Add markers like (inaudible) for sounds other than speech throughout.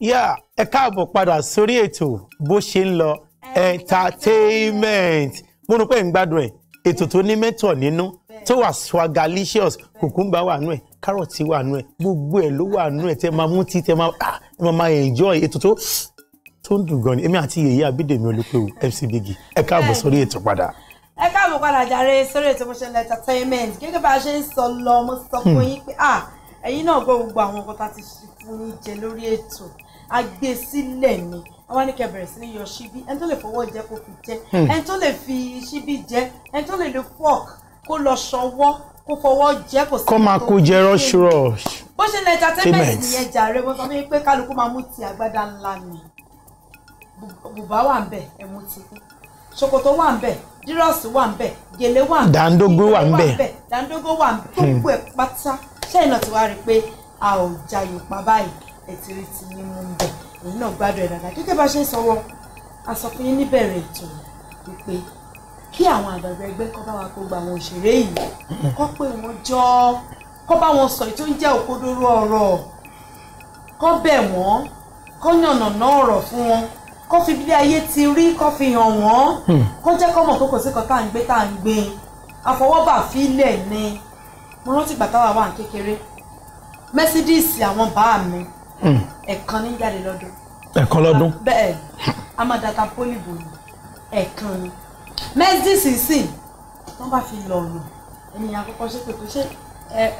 yà ẹ káàbọ̀ padà sórí ètò bó ṣe ń lọ entertainment mo rò pé ń gbádùn ẹ̀ ètò tó ní mẹ́tọ̀ nínú tó wà swagalicious kùkúmbà wà nù ẹ̀ kárọ̀tì wà nù ẹ̀ gbogbo ẹ̀ ló wà nù ẹ̀ tẹ́ máa mú tí tẹ́ máa ah ẹ máa enjoy ètò tó tó ń dùn gan ni èmi àti yèyé abídèmí olúpẹ̀wò MC Biggy ẹ káàbọ̀ sórí ètò padà ẹ káàbọ̀ padà jàre sórí ètò ìmọ̀ṣẹ́lẹ̀ entertainment gẹ́gẹ́ bá a ṣe ń sọ lọ mo sọ fún hmm. yín pé ah, ẹ̀yin náà gbọ́ gbogbo àwọn nǹkan tá a ti fún yín jẹ lórí ètò a gbé sílẹ̀ ni àwa ní kẹ́ bẹ̀rẹ̀ sí ní yọ ṣíbí ẹni tó lè fọwọ́ jẹ kó fi jẹ hmm. ẹni tó lè fi ṣíbí jẹ ẹni tó lè lo fork kó lọ ṣọwọ́ kó fọwọ́ jẹ kò sí. kọ́ máa kó jẹ rush rush. bó ṣe lè jà tẹ́mẹ̀tì nìyẹn jàre mo sọ fún yín pé kálukú máa mú ti àgbàdá ńlá ni bùbá wà ń bẹ̀ ẹ̀mú ti kú ṣòkòtò wà ń bẹ̀ dírọ̀sì wà ń bẹ̀ gèlè wà ń bẹ̀ dàńdógó wà ń bẹ̀ dàńdógó wà ń bẹ̀ hmm. gbogbo ẹ̀ pátá ṣẹ́yìn náà ti wá rí i pé a ò jayò pa báyìí ètò ìtì ní mú un bẹ̀ èyí náà gbádùn ẹ̀ dáadáa gẹ́gẹ́ bá ṣe sọ wọn a sọ fún yín níbẹ̀rẹ̀ ètò wípé kí àwọn àgbàgbà ẹgbẹ́ kọ́ bá wa kó gba àwọn òṣèré yìí kọ́ pé wọ́n jọ kọ́ bá wọn sọ èyí tó ń jẹ́ òkodoro ọ̀rọ̀ kọ́ bẹ̀ wọ́n kọ́ yànnàná ọ̀rọ̀ fún wọn kọ́ fi bílé ayé ti rí kọ́ fi hàn wọ́n hmm. kọ́ jẹ́ kọ́ mọ̀ kókò sí kan tá à ń gbé tá à ń gbé àfọwọ́bà fílẹ̀ ni mo rántí gbàtà wà wà kékeré mẹ́sídíìsì àwọn bàá mi Hmm. ẹ̀kan ní jáde lọ́dún. ẹ̀kan lọ́dún. bẹ́ẹ̀ a máa dàtà pólìbò ni ẹ̀kan ni mẹ́sìdì sísìn wọ́n bá fi lọ ọ̀nà ènìyàn àkọ́kọ́ ṣe pé kò ṣe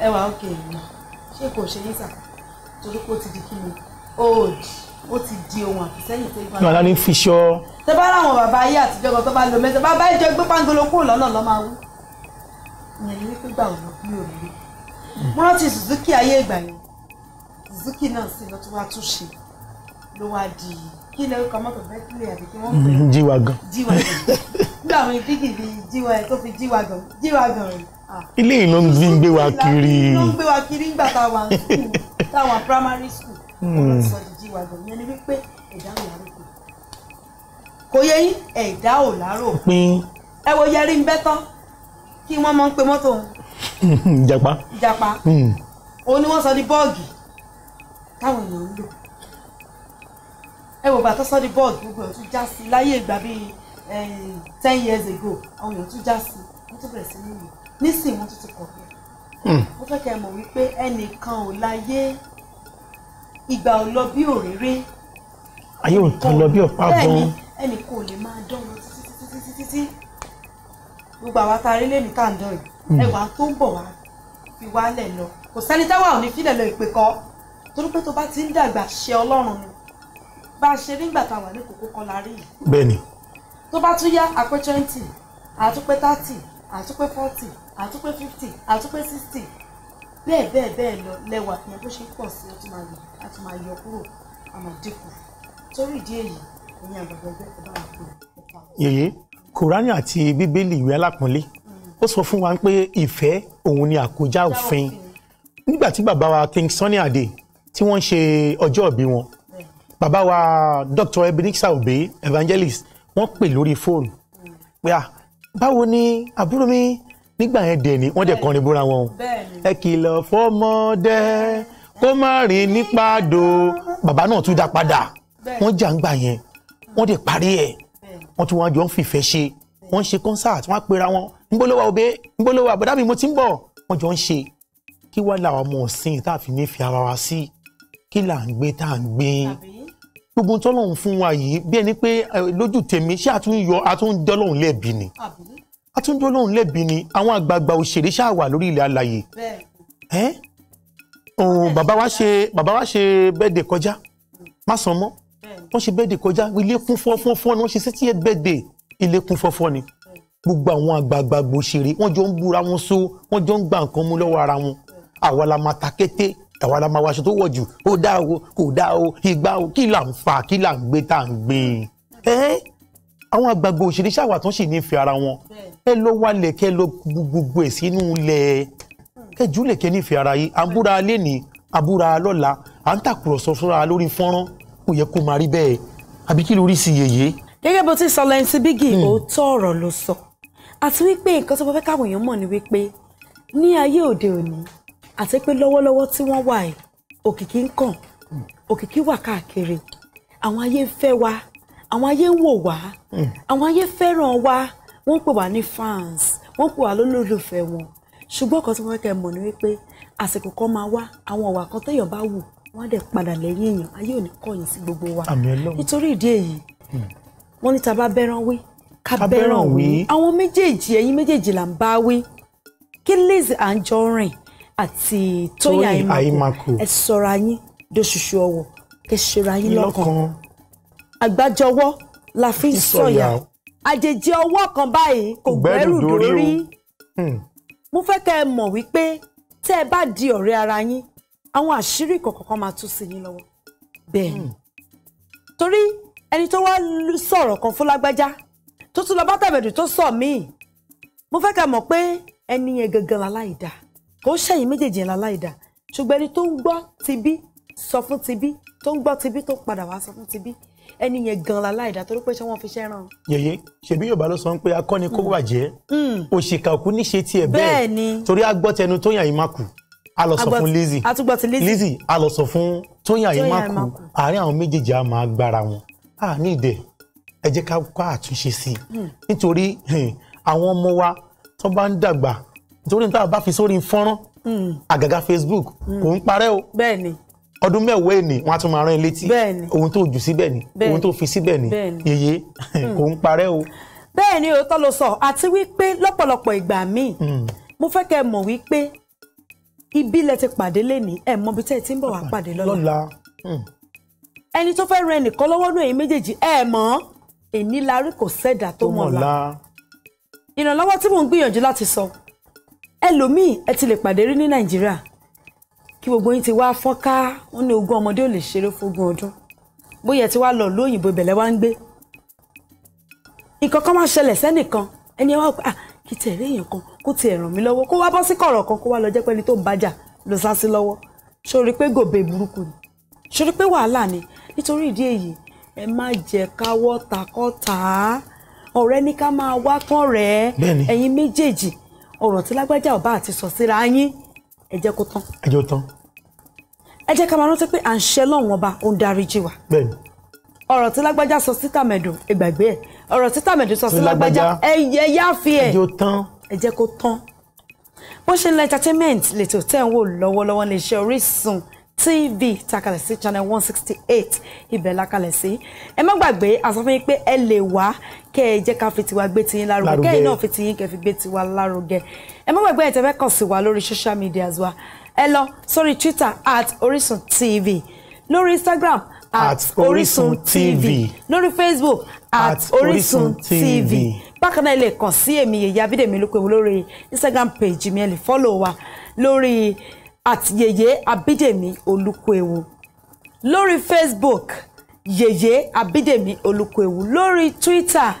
ẹwà òkè èèyàn ṣé kò ṣe yín sà torí pé ti di kí ni old ó ti di ohun àfisẹ́yìn tó gbà. ìgbàlá ní fi ṣọ́. tẹ bá ráwọn bàbá ayé àtijọ́ kan tó bá lo mẹ́sẹ̀ bàbá ìjọ gbé pangolo kúrò lọ́nà lọ́ máa wú ìyẹn ni wípé gbà ọ̀nà mi ò rí. mo rántí Suzuki ayé ìgbà yẹn zuki náà sí ló wá tún ló wá di kí lè kọ mọ́tò bẹ́tìlẹ̀ àbí kí wọ́n pè é jíwa gan jíwa gan nígbà wọn ìdíkì bíi jíwa ẹ tó fi jíwa gan jíwa ah. gan rẹ. ilé ìlú ń fi gbé wa kiri. ló ń gbé wa kiri nígbà táwa ń táwa primary school hmm. wọn sọ di jíwa gan yẹn ni wípé ẹ̀dá ò láròkò kò yẹ yín ẹ̀dá ò láròkò ẹ wo yẹrí ń bẹ́ tán kí wọ́n mọ̀ ń pe mọ́tò òun. (laughs) ìjàpá ìjàpá hmm. òun ni wọ́n sọ di bọ́ọ̀gì táwọn èèyàn ń lò ẹ wò bàtọ́ sọ́ọ́dì bọ́ọ̀dù gbogbo ẹ̀ tún já sí i láyé ìgbà bíi ten years ago àwọn èèyàn tún já sí i wọ́n tún bẹ̀rẹ̀ sí nílò nísìnyí wọ́n tún ti kọ̀ bẹ́ẹ̀ hmm. mo fẹ́ kẹ́ ẹ mọ̀ wípé ẹnìkan ò láyé ìgbà ò lọ bí òréré ayé ò tán lọ bí ọ̀pá bọ́n bẹ́ẹ̀ni ẹnìkan ò lè máa dán lọ gbogbo àwa tá a rí lẹ́nu tá à ń dán yìí hmm. ẹwà tó ń bọ̀ wá fi wálẹ̀ lọ kò sẹ́ni tẹ́wà ò ní fílẹ̀ lọ ìpè kan torí pé tó bá ti ń dàgbà ṣe ọlọ́run ni bá a ṣe nígbà tá a wà ní kókó kan la rí yìí. bẹ́ẹ̀ni. tó bá tún yá àpé twenty àtúpé thirty àtúpé forty àtúpé fifty àtúpé sixty bẹ́ẹ̀ bẹ́ẹ̀ bẹ́ẹ̀ lọ lẹ́wà yẹn bó ṣe ń pọ̀ sí ọtún máa yọ àti máa yọ kúrò àmọ́ dínkù torí ìdí èyí ìyẹn àgbàgbọ́ ẹgbẹ́ ẹ bá wà pé ẹ̀ka. yèyé kùránì àti bíbélì ìwé alápọ̀nlé ó sọ fún wa pé ìfẹ́ òun ni àkójá òfin nígbà tí bàbá wa King Sunny Adé tí wọ́n ń ṣe ọjọ́ ìbí wọn bàbá wa Dr. Ebenezer Obey evangelist wọ́n pè lórí fóònù pé à ah, báwo ni àbúrò mi nígbà yẹn dẹ̀ ni wọ́n dẹ̀ kọrin búra wọn o ẹ kìlọ̀ fọmọdé kó má rìn nípa do bàbá náà tún dá padà wọ́n jà ń gbà yẹn wọ́n dẹ̀ parí ẹ̀ wọ́n tún wọ́n jọ ń fìfẹ́ ṣe wọ́n ṣe concert wọ́n á pera wọn ngbólówà òbí ngbólówà àbúdá mi mo ti ń bọ̀ wọ́n jọ ń ṣe kí wàá làwọn ọmọ ọ̀sìn tá a fi nífẹ̀ẹ́ ara wa sí. Si kí là ń gbé tá à ń gbé gbogbo tó lòun fún wa yìí bí ẹni pé lójú tèmi ṣé a tún yọ a ni a tún dọ́ ni àwọn àgbààgbà òṣèré ṣáà wà lórí ilẹ̀ alàyè òun bàbá wa ṣe bàbá wa ṣe bẹ́ẹ̀dẹ̀ kọjá má sàn mọ́ wọ́n ṣe bẹ́ẹ̀dẹ̀ kọjá ilé kún fọ́fọ́fọ́ ni wọ́n ṣe sẹ́tí bẹ́ẹ̀dẹ̀ ilé kún fọ́fọ́ ni gbogbo àwọn àgbààgbà òṣèré wọ́n jọ ń búra wọn só wọ́n jọ ń gba nǹkan mú lọ́wọ́ ara wọn àwa la máa ta kété àwa la máa wọ tó wọ̀ jù ó dá o kò dá o ìgbà o kí là ń fa kí là ń gbé tá à ń gbé e àwọn àgbààgbà òṣèré ṣàwà tó sì nífẹ̀ẹ́ ara wọn ẹ lọ wálẹ̀ kẹ lọ gbogbo ẹ̀ sínú ilẹ̀ kẹjú lè kẹ nífẹ̀ẹ́ ara yìí à ń ní àbúra lọ́la à ń tàkùrọ̀sọ fúnra lórí fọ́nrán kò yẹ kó máa rí bẹ́ẹ̀ àbí kí lórí sí yèyé. gẹ́gẹ́ bó ti sọ lẹ́ǹtì bígì hmm. òótọ́ ọ̀rọ̀ ló sọ àti wípé nǹkan tó fẹ́ káwọn èèyàn mọ̀ ni wípé ní ayé òde òní àti pé lọ́wọ́lọ́wọ́ tí wọ́n wà yìí òkìkí ń kàn òkìkí wà káàkiri àwọn ayé ń fẹ́ wa àwọn ayé ń wò wá àwọn ayé fẹ́ràn wa wọ́n ń pè wá ní fans wọ́n ń pè wá lólùfẹ́ wọn ṣùgbọ́n kan tí wọ́n kẹ́ mọ̀ ni wípé àsìkò kan máa wá àwọn ọ̀wà kan téèyàn bá wù wọ́n á dẹ̀ padà lẹ́yìn èèyàn ayé ò ní kọ̀yìn sí gbogbo wa nítorí ìdí èyí hmm. wọ́n ní ta bá bẹ́ràn wí ká bẹ́ràn wí àwọn méjèèjì ẹ̀yin méjèèjì là ń bá wí kí Lizzy Anjorin àti tóyìn àìmàkù ẹ sọra yín dóṣùṣù ọwọ kẹ ṣera yín lọ́kàn àgbájọwọ́ la fi ń sọ̀yà àjèjì ọwọ́ kan báyìí kò gbẹ́rù dórí hmm. mo fẹ́ kẹ́ ẹ mọ̀ wípé tẹ́ ẹ bá di ọ̀rẹ́ ara yín àwọn àṣírí kọ̀ọ̀kan máa tú sí yín lọ́wọ́ bẹ́ẹ̀ hmm. torí ẹni tó wá sọ̀rọ̀ kan fún lágbájá tó tún lọ bá tẹ̀bẹ̀dù tó sọ míì mo fẹ́ kẹ́ ẹ mọ̀ pé ẹni yẹn gangan láláì kò sẹ́yìn méjèèjì ńlá láìda ṣùgbọ́n ẹni tó ń gbọ́ ti bí sọ fún ti bí tó ń gbọ́ ti bí tó padà wá sọ fún ti bí ẹni yẹn gan la láìda torí pé ṣé wọ́n fi ṣẹ́ ràn. yèyé ṣèbí yorùbá ló sọ pé akọni kó bàjẹ́ hmm. Hmm. òṣìkà òkú níṣe tiẹ̀ bẹ́ẹ̀ torí agbọ́tẹnu tó yàn má kù a lọ sọ fún Lizzy Lizzy a lọ sọ fún tóyàn yín má kù àárín àwọn méjèèjì a máa gbára wọn a ìdẹ ẹ jẹ́ ká kó àtúnṣe sí i hmm. nítorí àwọn ọmọ wa tó bá ń dàgbà nítorí níta bá fi sórí fọ́nrán hmm. àgàgà Facebook hmm. kò ń parẹ́ o ọdún mẹ́wàá ẹni wọ́n á tún máa rán ẹ létí ohun tó jù síbẹ̀ ni ohun tó fi síbẹ̀ ni yeye hmm. kò ń parẹ́ o. bẹ́ẹ̀ ni òótọ́ ló sọ àti wípé lọ́pọ̀lọpọ̀ ìgbà míì mo fẹ́ kẹ́ ẹ mọ̀ wípé ibi lẹ ti pàdé lénìí ẹ mọ̀ bí tẹ́ ẹ ti ń bọ̀ wá pàdé lọ́la ẹni tó fẹ́ ran ẹnìkan lọ́wọ́ náà èyí méjèèjì ẹ mọ̀ èní la rí kò sẹ́dà tó mọ̀ la ìrànlọ́wọ́ tí mò ń gbìyànjú láti sọ ẹlòmíì ẹ ti lè pàdé rí ní nàìjíríà kí gbogbo yín ti wá fọ́nká ó ní ogún ọmọdé ò lè ṣeré fógún ọdún bóyá ti wá lọ lóyìnbó ibẹ̀ lẹ́wà ń gbé nǹkan kan máa ṣẹlẹ̀ sẹ́nìkan ẹni ẹ wá pé ah kí tẹ̀ rí èèyàn kan kó tiẹ̀ ràn mí lọ́wọ́ kó wá bọ́ sí kọ̀rọ̀ kan kó wá lọ jẹ́ pẹ́ni tó ń bájà ló sá sí lọ́wọ́ ṣorí pé gòbè burúkú ni ṣorí pé wàhálà ni nítorí ìdí èyí ẹ má jẹ́ káwọ́ takọ́ta ọ̀rẹ́ ní ká máa wá kán rẹ̀ ẹ̀yin méjèèjì ọ̀rọ̀ tí lágbájá ọba àti sọ síra yín ẹ jẹ́ kó tán. ẹ jẹ́ kó tán. ẹ jẹ́ ká máa rántí pé à ń ṣe lọ́wọ́n ọba ó ń dáríjì wa. bẹ́ẹ̀ni. ọ̀rọ̀ tí lágbájá sọ sí tàmẹ̀dù ẹ gbàgbé ẹ̀ ọ̀rọ̀ tí tàmẹ̀dù sọ sí lágbájá ẹ yẹ yáfi ẹ̀. ẹ jẹ́ kó tán. ẹ jẹ́ kó tán. bó ṣe ń lọ entertainment lètò tẹ̀ ń wò lọ́wọ́lọ́wọ́ ní iṣẹ́ Orísun tv takalẹ̀ sí channel one sixty eight ibẹ̀ lakalẹ̀ sí ẹ má gbàgbé àsọfún yín pé ẹ lè wá kẹ ẹ jẹ́ ká fi tiwa gbé tiyín lárugẹ kẹ ẹ náà fi tiyín kẹ fi gbé tiwa lárugẹ ẹ má gbàgbé ẹ tẹ́ fẹ́ kàn sí wa lórí social media wa ẹ lọ sórí twitter at orisun tv lórí instagram at orisun tv lórí facebook at orisun tv bákan náà ilé kàn sí èmi yèyé abídèmí olúkúewu lórí instagram page mi ẹ lè fọ́lọ̀ wa lórí àti yèyé abidemi olúkúewu lórí facebook yèyé abidemi olúkúewu lórí twitter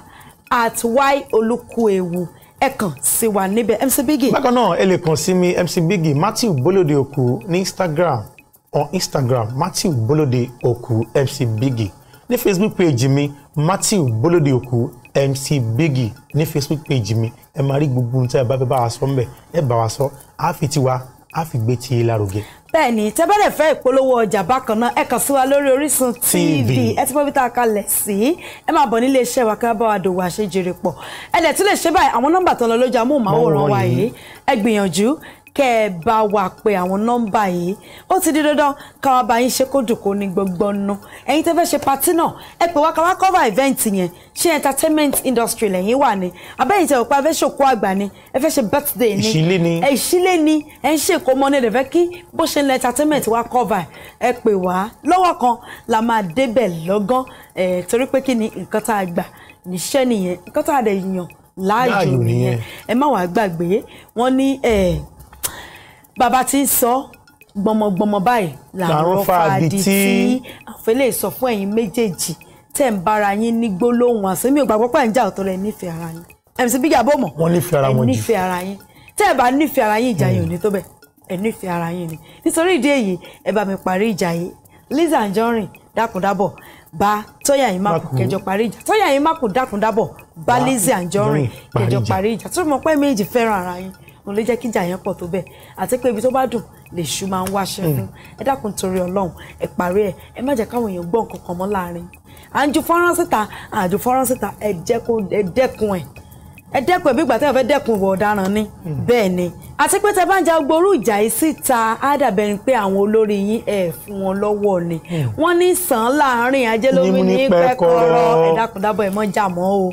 at y olúkúewu ẹ kàn sí wa níbẹ̀ mc biggie. bákan náà ẹ lè kàn sí mi mc biggie matthew bolóde òkú ní instagram on instagram matthew bolóde òkú mc biggie ní facebook page mi matthew bolóde òkú mc biggie ní facebook page mi ẹ máa rí gbogbo ohun tí ẹ bá fẹ́ bá wa sọ ń bẹ̀ ẹ bá wa sọ àáfi tiwa a fi gbé ti lárugẹ. bẹ́ẹ̀ni tẹ́ bá dẹ̀ fẹ́ ìpolówó ọjà bákan náà ẹ kàn sí wa lórí Orísun TV ẹ ti bọ́bí tá a kalẹ̀ sí ẹ máa bọ̀ nílé iṣẹ́ wa kí wọ́n bá wa dòwò àṣejèrè pọ̀ ẹ dẹ̀ tún lè ṣe báyìí àwọn nọ́mbà tó ń lọ lójú amóhùnmáwòrán wa yìí ẹ gbìyànjú kẹ́ ẹ bá wa pé àwọn nọ́mbà yìí ó ti di dandan káwa bá yín ṣe kó ní gbọngbọn nù ẹ̀yin tẹ́ fẹ́ ṣe patí náà ẹ pè wá káwa cover event yẹn ṣé entertainment industry lẹ́yìn wà ní abẹ́yìn tẹ́ ẹ fẹ́ ṣòkó àgbà ni ẹ fẹ́ ṣe birthday ni ìṣílé ni ìṣílé ni ẹ ń ṣe ìkómọ ní ẹ̀dẹ̀fẹ́ kí bó ṣe ń lọ entertainment wá cover ẹ pè wá lọ́wọ́ kan la máa débẹ̀ lọ́gán torí pé kí ni nǹkan tá a gbà níṣẹ́ nìyẹn nǹkan tá a dẹ̀ yàn láàyò nìyẹn ẹ má wàá gbàgbé wọ́n ní bàbá ti ń sọ gbọmọgbọmọ báyìí làwọn fàdí tí àfẹlẹ́ sọ fún ẹ̀yin méjèèjì tẹ̀ ń bára yín ní gbólóhùn àṣẹ mi ò gbàgbọ́ pàǹ jà ọ̀tọ̀ rẹ̀ nífẹ̀ẹ́ ara yín MC Biggy àbọ̀ mọ̀ wọ́n nífẹ̀ẹ́ ara wọn jù nífẹ̀ẹ́ ara yín tẹ́ ẹ bá nífẹ̀ẹ́ ara yín ìjà yín ò hmm. ní tó bẹ̀ ẹ nífẹ̀ẹ́ ara yín ni nítorí ìdí èyí ẹ bá mi parí ìjà yín Lizzy Anjorin dákúndábọ̀ bá Tóyìn Ayín Mákùú kẹjọ parí ìjà Tóyìn Ayín Mákùú dákúndábọ̀ bá Lizzy Anjorin kẹjọ parí ìjà tó mọ̀ pé méjì fẹ́ràn ara yín òun ló jẹ́ kí ìjà yẹn pọ̀ tó bẹ́ẹ̀ àti pé ibi tó bá dùn lèṣù máa ń wáṣẹ hmm. fún ẹ dákun torí Ọlọ́run ẹ parí ẹ ẹ má jẹ́ káwọn èèyàn gbọ́ nǹkan kan mọ́ láàrin à ń ju fọ́nrán síta à ń ju fọ́nrán síta ẹ dẹ́kun ẹ ẹ dẹ́kun ẹ bí ìgbà tẹ́wọ́ fẹ́ dẹ́kun ìwà ọ̀daràn ni hmm. bẹ́ẹ̀ ni àti pé tẹ bá ń ja gboru ìjà yìí síta á dàbẹ̀ ni pé àwọn olórí yín ẹ̀ fún wọn lọ́wọ́ ni wọ́n ní sàn láàrin ajé lómi ní pẹ́kọ́rọ́ ẹ̀dàkùndàbọ̀ ẹ̀ mọ́ jà mọ́ o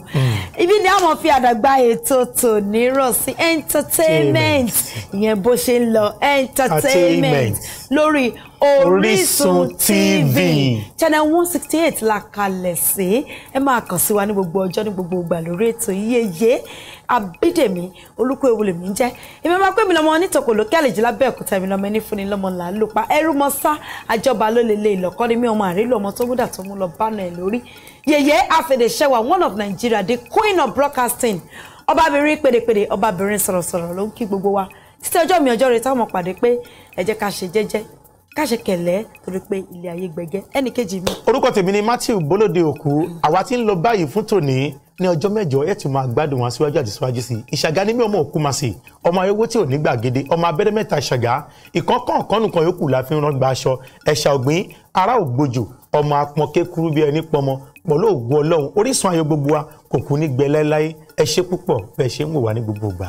ibi ni a mọ̀ fi àdàgbà ètò tòní rọ̀ sí entertainment ìyẹn bó ṣe ń lọ entertainment lórí Orísun TV channel one sixty eight la kalẹ̀ sí ẹ máa kàn sí wa ní gbogbo ọjọ́ ní gbogbo ìgbà lórí ètò yíyeye abídèmí olùkọ́ ewu lèmi jẹ́ èmi máa pé mi lọ́mọ onítòkò lókè àlejò lábẹ́ òkúta mi lọ́mọ ẹni fún ni lọ́mọ là ń lò pa ẹrú mọ sá àjọba ló lè lè ìlọ́kọ́ ni mi ọmọ àrílò ọmọ tó múdà tó mú lọ bánu ẹ̀ lórí yèyé afẹ̀dẹ̀ṣẹwà one of Nigeria the queen of broadcasting ọbabìnrin pèdèpèdè ọbabìnrin sọ̀rọ̀sọ̀rọ̀ ló ń kí gbogbo wa títí ọjọ́ mi ọjọ́ rẹ táwọn ọmọ pàdé pé ẹ jẹ́ ká ṣe jẹ́jẹ́ káṣe kẹlẹ torí pé ní ọjọ́ mẹ́jọ ẹ̀ tún máa gbádùn wá síwájú àti síwájú sí i ìṣàgá ni mí ọmọ òkú máa sè ọmọ ayéwo tí ò ní gbàgede ọmọ abẹ́rẹ́ mẹ́ta ṣàgá ìkọ́kànkọ́nù kan yòókù la fi ń rán gba aṣọ ẹ̀ṣà ògbìn ará ògbójò ọmọ apọn kékeré bíi ẹni pọmọ pọ̀lú ògùn ọlọ́run orísun ayọ̀ gbogbo wa kò kú ní gbẹlẹ́láyé ẹ ṣé púpọ̀ bẹ́ẹ̀ ṣe ń wò wá ní gbogbo ìgbà.